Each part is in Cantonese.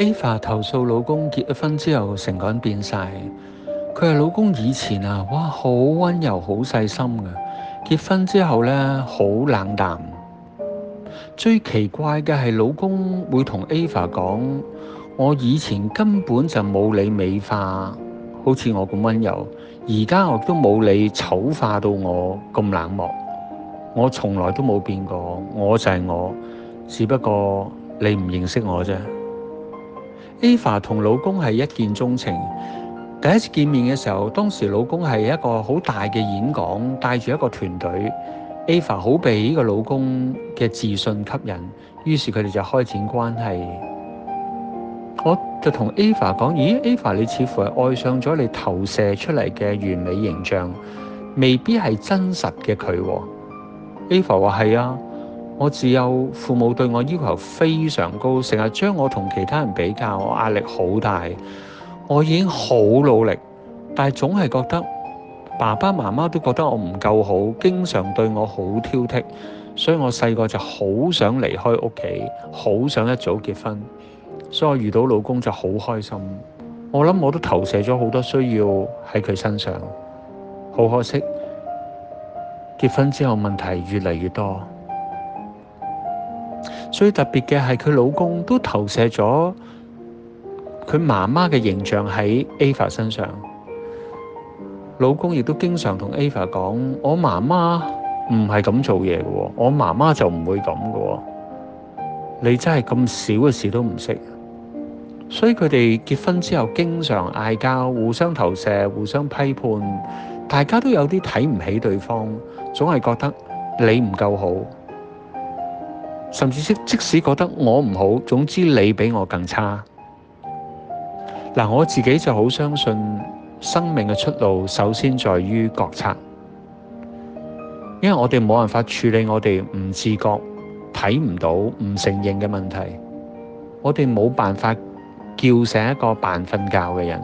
Ava 投訴老公結咗婚之後成個人變晒。佢話老公以前啊，哇，好温柔，好細心嘅啊。結婚之後咧，好冷淡。最奇怪嘅係老公會同 Ava 講：我以前根本就冇你美化，好似我咁温柔。而家我都冇你醜化到我咁冷漠。我從來都冇變過，我就係我，只不過你唔認識我啫。Ava 同老公係一見鐘情，第一次見面嘅時候，當時老公係一個好大嘅演講，帶住一個團隊。Ava 好被呢個老公嘅自信吸引，於是佢哋就開展關係。我就同 Ava 講：咦，Ava 你似乎係愛上咗你投射出嚟嘅完美形象，未必係真實嘅佢喎。Ava 話：係啊。我自幼父母對我要求非常高，成日將我同其他人比較，我壓力好大。我已經好努力，但係總係覺得爸爸媽媽都覺得我唔夠好，經常對我好挑剔，所以我細個就好想離開屋企，好想一早結婚。所以我遇到老公就好開心。我諗我都投射咗好多需要喺佢身上，好可惜結婚之後問題越嚟越多。最特別嘅係佢老公都投射咗佢媽媽嘅形象喺 Ava 身上，老公亦都經常同 Ava 講：我媽媽唔係咁做嘢嘅喎，我媽媽就唔會咁嘅喎。你真係咁少嘅事都唔識。所以佢哋結婚之後經常嗌交，互相投射，互相批判，大家都有啲睇唔起對方，總係覺得你唔夠好。甚至即使覺得我唔好，總之你比我更差。嗱，我自己就好相信生命嘅出路首先在於覺察，因為我哋冇辦法處理我哋唔自覺、睇唔到、唔承認嘅問題。我哋冇辦法叫醒一個扮瞓覺嘅人，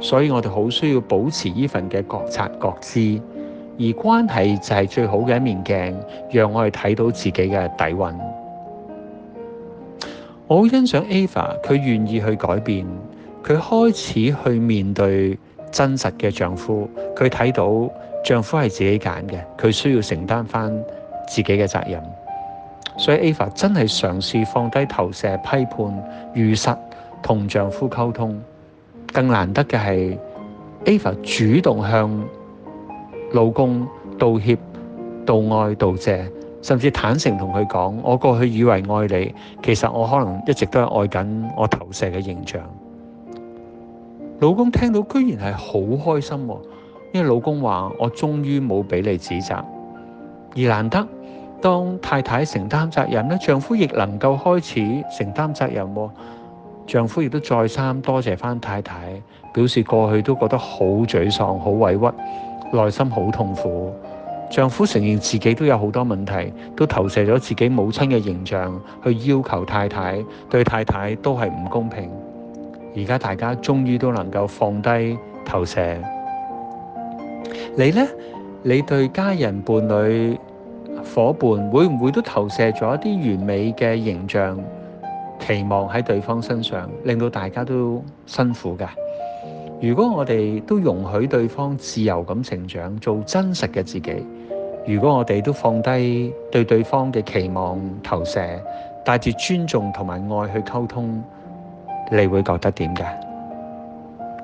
所以我哋好需要保持呢份嘅覺察覺知。而關係就係最好嘅一面鏡，讓我哋睇到自己嘅底蘊。我好欣賞 Ava，佢願意去改變，佢開始去面對真實嘅丈夫。佢睇到丈夫係自己揀嘅，佢需要承擔返自己嘅責任。所以 Ava 真係嘗試放低投射、批判、如實同丈夫溝通。更難得嘅係 Ava 主動向老公道歉、道愛、道謝，甚至坦誠同佢講：我過去以為愛你，其實我可能一直都係愛緊我投射嘅形象。老公聽到居然係好開心喎，因為老公話：我終於冇俾你指責。而難得當太太承擔責任咧，丈夫亦能夠開始承擔責任。丈夫亦都再三多謝翻太太，表示過去都覺得好沮喪、好委屈。內心好痛苦，丈夫承認自己都有好多問題，都投射咗自己母親嘅形象去要求太太，對太太都係唔公平。而家大家終於都能夠放低投射，你呢？你對家人、伴侶、伙伴會唔會都投射咗一啲完美嘅形象，期望喺對方身上，令到大家都辛苦㗎？如果我哋都容許對方自由咁成長，做真實嘅自己；如果我哋都放低對對方嘅期望、投射，帶住尊重同埋愛去溝通，你會覺得點㗎？